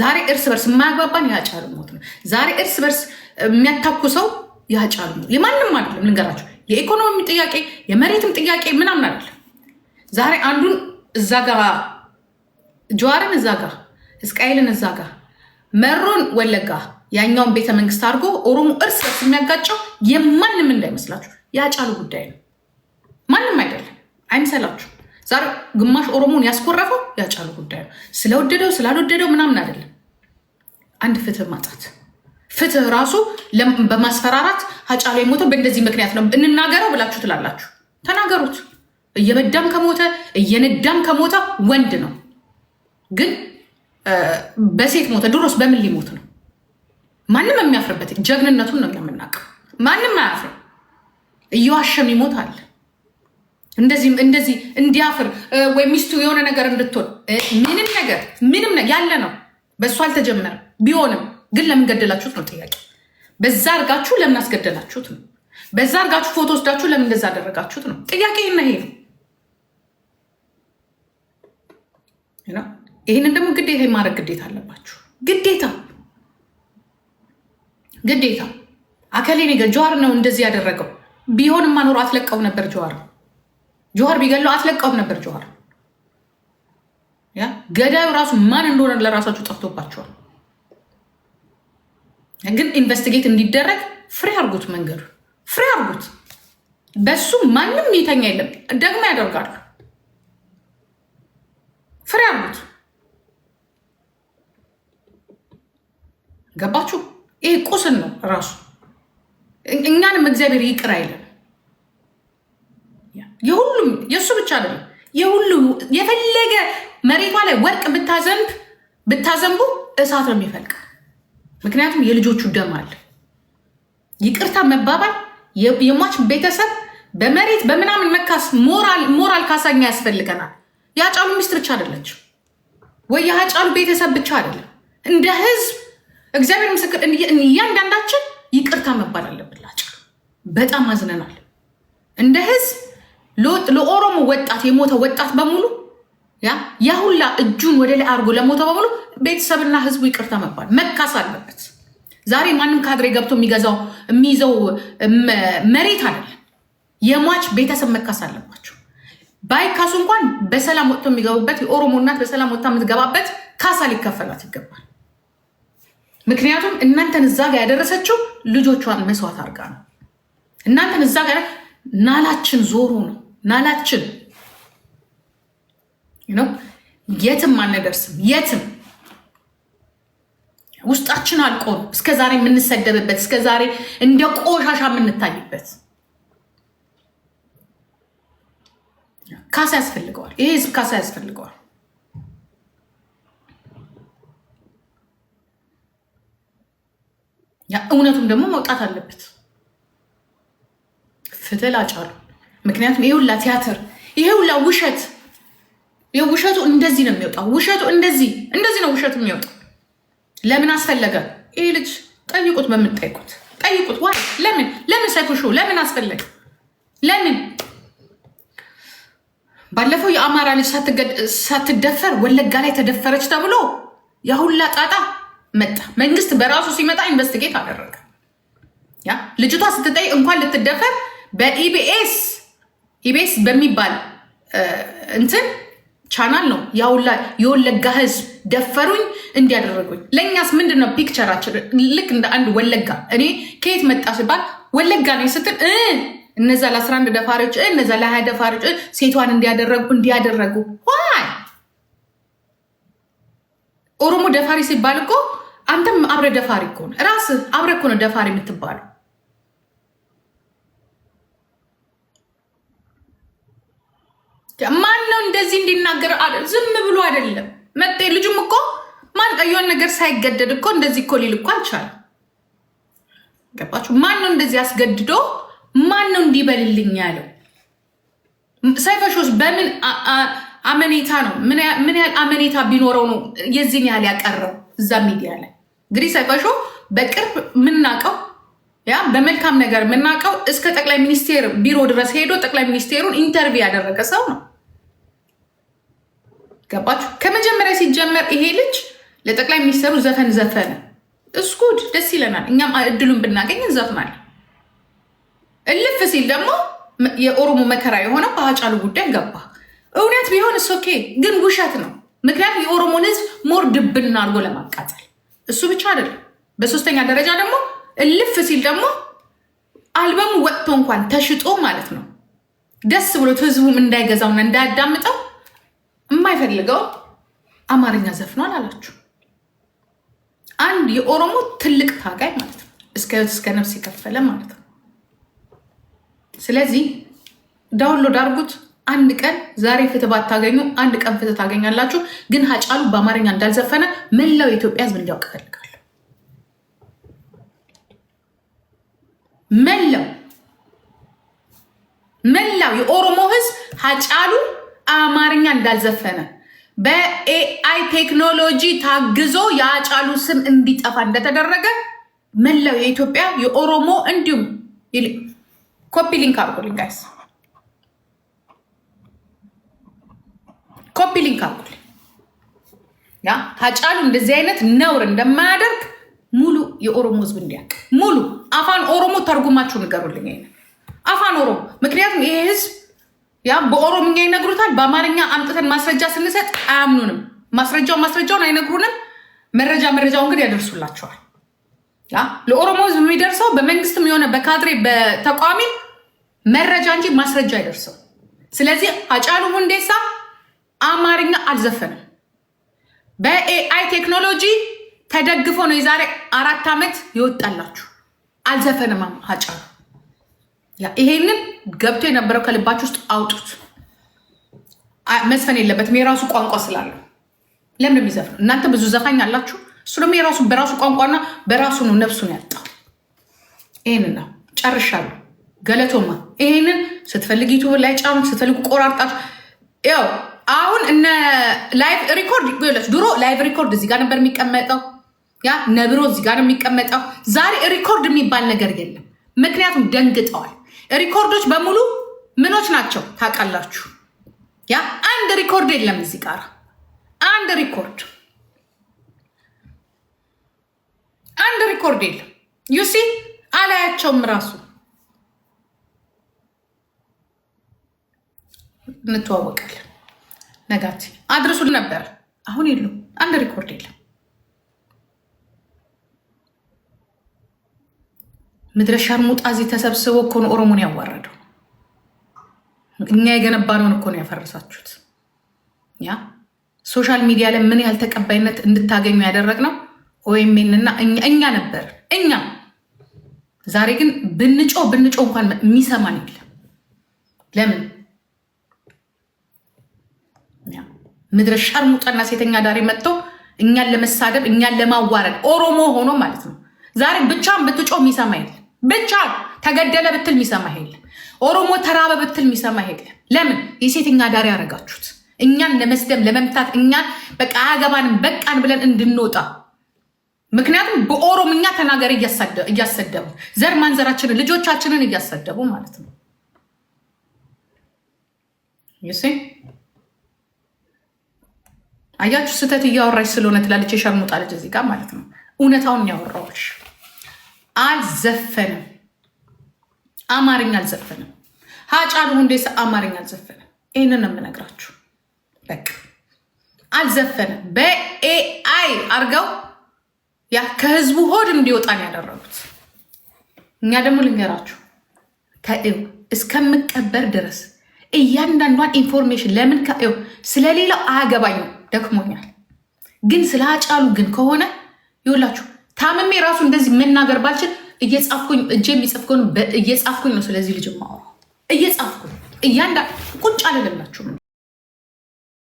ዛሬ እርስ በርስ የማያግባባን የሀጫሉ ሞት ነው። ዛሬ እርስ በርስ የሚያታኩሰው የሀጫሉ ሞት የማንም አይደለም። ልንገራቸው፣ የኢኮኖሚ ጥያቄ የመሬትም ጥያቄ ምናምን አይደለም። ዛሬ አንዱን እዛ ጋ ጀዋርን እዛ ጋ እስቃኤልን እዛ ጋ መሮን ወለጋ ያኛውን ቤተ መንግስት አድርጎ ኦሮሞ እርስ በርስ የሚያጋጨው የማንም እንዳይመስላችሁ የሀጫሉ ጉዳይ ነው። ማንም አይደለም። አይምሰላችሁ። ዛሬ ግማሽ ኦሮሞን ያስኮረፈው ያጫሉ ነው። ስለወደደው ስላልወደደው ምናምን አይደለም። አንድ ፍትህ ማጣት ፍትህ ራሱ በማስፈራራት ሀጫሉ የሞተው በእንደዚህ ምክንያት ነው እንናገረው ብላችሁ ትላላችሁ። ተናገሩት። እየበዳም ከሞተ እየነዳም ከሞተ ወንድ ነው። ግን በሴት ሞተ። ድሮስ በምን ሊሞት ነው? ማንም የሚያፍርበት ጀግንነቱን ነው የምናውቀው። ማንም አያፍርም። እየዋሸም ይሞታል? አለ። እንደዚህም እንደዚህ እንዲያፍር ወይ ሚስቱ የሆነ ነገር እንድትሆን ምንም ነገር ምንም ያለ ነው። በእሱ አልተጀመረም። ቢሆንም ግን ለምን ገደላችሁት ነው ጥያቄ። በዛ አርጋችሁ ለምን አስገደላችሁት ነው። በዛ አርጋችሁ ፎቶ ወስዳችሁ ለምን እንደዛ አደረጋችሁት ነው ጥያቄ። ይሄ ነው ይህንን ደግሞ ግዴታ የማድረግ ግዴታ አለባችሁ። ግዴታ ግዴታ አከሌ ጀዋር ነው እንደዚህ ያደረገው ቢሆንም ማኖሩ አትለቀው ነበር ጀዋር ጆሃር ቢገለው አትለቀውም ነበር። ጆሀር ገዳዩ ራሱ ማን እንደሆነ ለራሳችሁ ጠፍቶባቸዋል። ግን ኢንቨስቲጌት እንዲደረግ ፍሬ አርጉት፣ መንገዱ ፍሬ አርጉት። በሱ ማንም የተኛ የለም። ደግሞ ያደርጋሉ። ፍሬ አርጉት። ገባችሁ? ይሄ ቁስን ነው ራሱ። እኛንም እግዚአብሔር ይቅር አይለን። የሁሉም የእሱ ብቻ አይደለም። የሁሉ የፈለገ መሬቷ ላይ ወርቅ ብታዘንብ ብታዘንቡ እሳት ነው የሚፈልቅ። ምክንያቱም የልጆቹ ደም አለ። ይቅርታ መባባል የሟች ቤተሰብ በመሬት በምናምን መካስ ሞራል ካሳኛ ያስፈልገናል። የአጫሉ ሚስት ብቻ አይደለችም ወይ የአጫሉ ቤተሰብ ብቻ አይደለም። እንደ ህዝብ እግዚአብሔር ምስክር፣ እያንዳንዳችን ይቅርታ መባል አለብን። በጣም አዝነናል እንደ ህዝብ ለኦሮሞ ወጣት የሞተ ወጣት በሙሉ ያ ሁላ እጁን ወደ ላይ አድርጎ ለሞተ በሙሉ ቤተሰብና ህዝቡ ይቅርታ መባል መካስ አለበት። ዛሬ ማንም ካድሬ ገብቶ የሚገዛው የሚይዘው መሬት አይደለም። የሟች ቤተሰብ መካስ አለባቸው። ባይካሱ እንኳን በሰላም ወጥቶ የሚገቡበት የኦሮሞ እናት በሰላም ወጥታ የምትገባበት ካሳ ሊከፈላት ይገባል። ምክንያቱም እናንተን እዛ ጋር ያደረሰችው ልጆቿን መስዋዕት አድርጋ ነው። እናንተን እዛ ጋር ናላችን ዞሮ ነው። ናላችን የትም አንደርስም። የትም ውስጣችን አልቆም እስከዛሬ የምንሰደብበት እስከዛሬ እንደ ቆሻሻ የምንታይበት ካሳ ያስፈልገዋል። ይሄ ህዝብ ካሳ ያስፈልገዋል። እውነቱም ደግሞ መውጣት አለበት። ፍትህ ላጫሉ ምክንያቱም ይሄ ሁላ ቲያትር፣ ይሄ ሁላ ውሸት፣ ውሸቱ እንደዚህ ነው የሚወጣው። ውሸቱ እንደዚህ እንደዚህ ነው ውሸቱ የሚወጣው። ለምን አስፈለገ? ይህ ልጅ ጠይቁት፣ በምንጠይቁት ጠይቁት። ዋ ለምን ለምን ሰይፉ ለምን አስፈለገ? ለምን ባለፈው የአማራ ልጅ ሳትደፈር ወለጋ ላይ ተደፈረች ተብሎ የሁላ ጣጣ መጣ። መንግስት በራሱ ሲመጣ ኢንቨስቲጌት አደረገ። ያ ልጅቷ ስትጠይቅ እንኳን ልትደፈር በኢቢኤስ ኢቤስ በሚባል እንትን ቻናል ነው ያውላ የወለጋ ህዝብ ደፈሩኝ እንዲያደረጉኝ። ለእኛስ ምንድን ነው ፒክቸራችን? ልክ እንደ አንድ ወለጋ እኔ ከየት መጣ ሲባል ወለጋ ነው ስትል እነዛ ለአስራ 11 ደፋሪዎች እነዛ ለሀያ ደፋሪዎች ሴቷን እንዲያደረጉ እንዲያደረጉ ዋይ ኦሮሞ ደፋሪ ሲባል እኮ አንተም አብረ ደፋሪ እኮ ራስህ አብረ እኮ ነው ደፋሪ የምትባለው። ማን ነው እንደዚህ እንዲናገር? ዝም ብሎ አይደለም መጤ ልጁም እኮ ማን የሆነ ነገር ሳይገደድ እኮ እንደዚህ እኮ ሊል እኮ አልቻለም። ገባችሁ? ማን ነው እንደዚህ አስገድዶ ማን ነው እንዲበልልኝ ያለው? ሳይፈሾስ በምን አመኔታ ነው? ምን ያህል አመኔታ ቢኖረው ነው የዚህን ያህል ያቀረው እዛ ሚዲያ ላይ? እንግዲህ ሳይፈሾ በቅርብ የምናውቀው ያ በመልካም ነገር የምናውቀው እስከ ጠቅላይ ሚኒስቴር ቢሮ ድረስ ሄዶ ጠቅላይ ሚኒስቴሩን ኢንተርቪው ያደረገ ሰው ነው። ገባችሁ? ከመጀመሪያ ሲጀመር ይሄ ልጅ ለጠቅላይ ሚኒስትሩ ዘፈን ዘፈነ። እስኩድ ደስ ይለናል። እኛም እድሉን ብናገኝ እንዘፍናለን። እልፍ ሲል ደግሞ የኦሮሞ መከራ የሆነው በአጫሉ ጉዳይ ገባ። እውነት ቢሆን እሶኬ ግን ውሸት ነው። ምክንያቱም የኦሮሞን ህዝብ ሞር ድብን አድርጎ ለማቃጠል እሱ ብቻ አይደለም። በሶስተኛ ደረጃ ደግሞ እልፍ ሲል ደግሞ አልበሙ ወጥቶ እንኳን ተሽጦ ማለት ነው ደስ ብሎት ህዝቡም እንዳይገዛውና እንዳያዳምጠው የማይፈልገው አማርኛ ዘፍኗል አላችሁ። አንድ የኦሮሞ ትልቅ ታጋይ ማለት ነው። እስከ እስከ ነፍስ የከፈለ ማለት ነው። ስለዚህ ዳውንሎድ አድርጉት። አንድ ቀን ዛሬ ፍትህ ባታገኙ አንድ ቀን ፍትህ ታገኛላችሁ። ግን ሀጫሉ በአማርኛ እንዳልዘፈነ መላው የኢትዮጵያ ህዝብ እንዲያውቅ ፈልጋል። መላው መላው የኦሮሞ ህዝብ ሀጫሉ አማርኛ እንዳልዘፈነ በኤአይ ቴክኖሎጂ ታግዞ የአጫሉ ስም እንዲጠፋ እንደተደረገ መላው የኢትዮጵያ የኦሮሞ እንዲሁም ኮፒ ሊንክ አርጉልኝ ጋይስ፣ ኮፒ ሊንክ አርጉልኝ። ሀጫሉ እንደዚህ አይነት ነውር እንደማያደርግ የኦሮሞ ህዝብ እንዲያውቅ ሙሉ አፋን ኦሮሞ ተርጉማችሁ ንገሩልኝ። አፋን ኦሮሞ ምክንያቱም ይሄ ህዝብ ያ በኦሮምኛ ይነግሩታል። በአማርኛ አምጥተን ማስረጃ ስንሰጥ አያምኑንም። ማስረጃው ማስረጃውን አይነግሩንም። መረጃ መረጃውን ግን ያደርሱላቸዋል። ለኦሮሞ ህዝብ የሚደርሰው በመንግስትም የሆነ በካድሬ በተቋሚ መረጃ እንጂ ማስረጃ አይደርሰው። ስለዚህ አጫሉ ሁንዴሳ አማርኛ አልዘፈንም በኤአይ ቴክኖሎጂ ተደግፎ ነው የዛሬ አራት ዓመት የወጣላችሁ አልዘፈንም አጫ ይሄንን ገብቶ የነበረው ከልባችሁ ውስጥ አውጡት። መዝፈን የለበትም የራሱ ቋንቋ ስላለው ለምን የሚዘፍነው? እናንተ ብዙ ዘፋኝ አላችሁ። እሱ ደግሞ የራሱ በራሱ ቋንቋና በራሱ ነው ነፍሱን ያጣው። ይህንን ነው ጨርሻለሁ። ገለቶማ ይህንን ስትፈልግ ዩቱብ ላይ ጫኑ፣ ስትፈልጉ ቆራርጣችሁ ያው አሁን እነ ላይቭ ሪኮርድ ድሮ ላይቭ ሪኮርድ እዚህ ጋር ነበር የሚቀመጠው ያ ነብሮ እዚህ ጋር የሚቀመጠው ዛሬ ሪኮርድ የሚባል ነገር የለም። ምክንያቱም ደንግጠዋል። ሪኮርዶች በሙሉ ምኖች ናቸው ታውቃላችሁ። ያ አንድ ሪኮርድ የለም እዚህ ጋር አንድ ሪኮርድ አንድ ሪኮርድ የለም። ዩሲ አላያቸውም ራሱ እንተዋወቃለን። ነጋቲ አድርሱ ነበር አሁን የለም። አንድ ሪኮርድ የለም። ምድረ ሻርሙጣ እዚህ ተሰብስቦ እኮ ነው ኦሮሞን ያዋረደው። እኛ የገነባነውን እኮ ነው ያፈረሳችሁት። ያ ሶሻል ሚዲያ ላይ ምን ያህል ተቀባይነት እንድታገኙ ያደረግነው ኦኤምኤንና እኛ ነበር እኛ። ዛሬ ግን ብንጮ ብንጮ እንኳን የሚሰማን የለም። ለምን ምድረ ሻርሙጣና ሴተኛ ዳሪ መጥቶ እኛን ለመሳደብ እኛን ለማዋረድ ኦሮሞ ሆኖ ማለት ነው ዛሬ ብቻም ብትጮ የሚሰማ የለም። ብቻ ተገደለ ብትል የሚሰማ የለም። ኦሮሞ ተራበ ብትል የሚሰማ የለም። ለምን የሴተኛ አዳሪ ያደረጋችሁት? እኛን ለመስደም ለመምታት፣ እኛን በቃ አያገባንም በቃን ብለን እንድንወጣ ምክንያቱም በኦሮምኛ ተናገር እያሰደቡ ዘር ማንዘራችንን ልጆቻችንን እያሰደቡ ማለት ነው። አያችሁ ስህተት እያወራች ስለሆነ ትላለች የሸርሙጣ ልጅ እዚህ ጋር ማለት ነው። እውነታውን ያወራዋልሽ አልዘፈንም። አማርኛ አልዘፈንም። ሀጫሉ ሁንዴሳ አማርኛ አልዘፈንም። ይህንን ነው የምነግራችሁ። በቃ አልዘፈንም። በኤአይ አርገው ያ ከህዝቡ ሆድ እንዲወጣን ያደረጉት። እኛ ደግሞ ልንገራችሁ ከው እስከምቀበር ድረስ እያንዳንዷን ኢንፎርሜሽን ለምን ከው ስለሌላው አያገባኝም፣ ደክሞኛል። ግን ስለ ሀጫሉ ግን ከሆነ ይውላችሁ ታምሜ ራሱ እንደዚህ መናገር ባልችል እየጻፍኩኝ እጄ የሚጽፍኩን እየጻፍኩኝ ነው። ስለዚህ ልጅ ማወራ እየጻፍኩኝ እያንዳ ቁጭ አልልላችሁም።